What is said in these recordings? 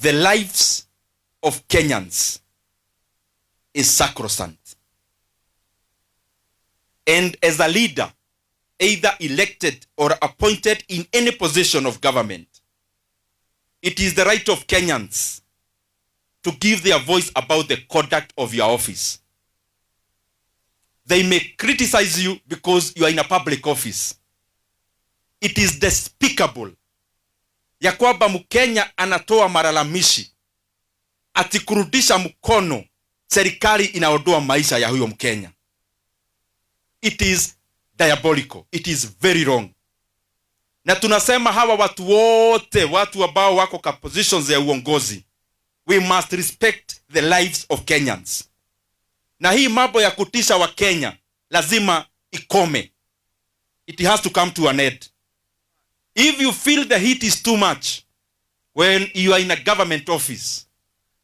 The lives of Kenyans is sacrosanct. And as a leader, either elected or appointed in any position of government, it is the right of Kenyans to give their voice about the conduct of your office. They may criticize you because you are in a public office. It is despicable ya kwamba Mkenya anatoa malalamishi atikurudisha mkono, serikali inaondoa maisha ya huyo Mkenya. It is diabolical, it is very wrong. Na tunasema hawa watu wote, watu ambao wako ka positions ya uongozi, we must respect the lives of Kenyans. Na hii mambo ya kutisha wa Kenya lazima ikome, it has to come to an end. If you feel the heat is too much when you are in a government office,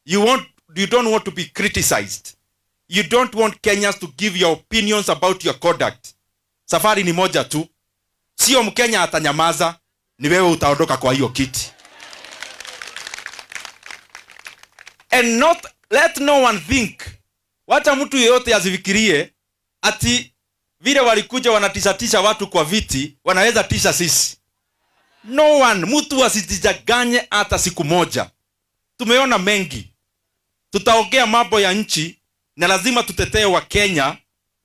you want you don't want to be criticized. You don't want Kenyans to give your opinions about your conduct. Safari ni moja tu, sio Mkenya atanyamaza, ni wewe utaondoka kwa hiyo kiti. And not let no one think, wacha mtu yeyote azifikirie ati vile walikuja wanatishatisha watu kwa viti, wanaweza tisha sisi no one mtu asijidanganye hata siku moja. Tumeona mengi, tutaongea mambo ya nchi na lazima tutetee kenya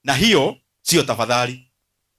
na hiyo siyo tafadhali.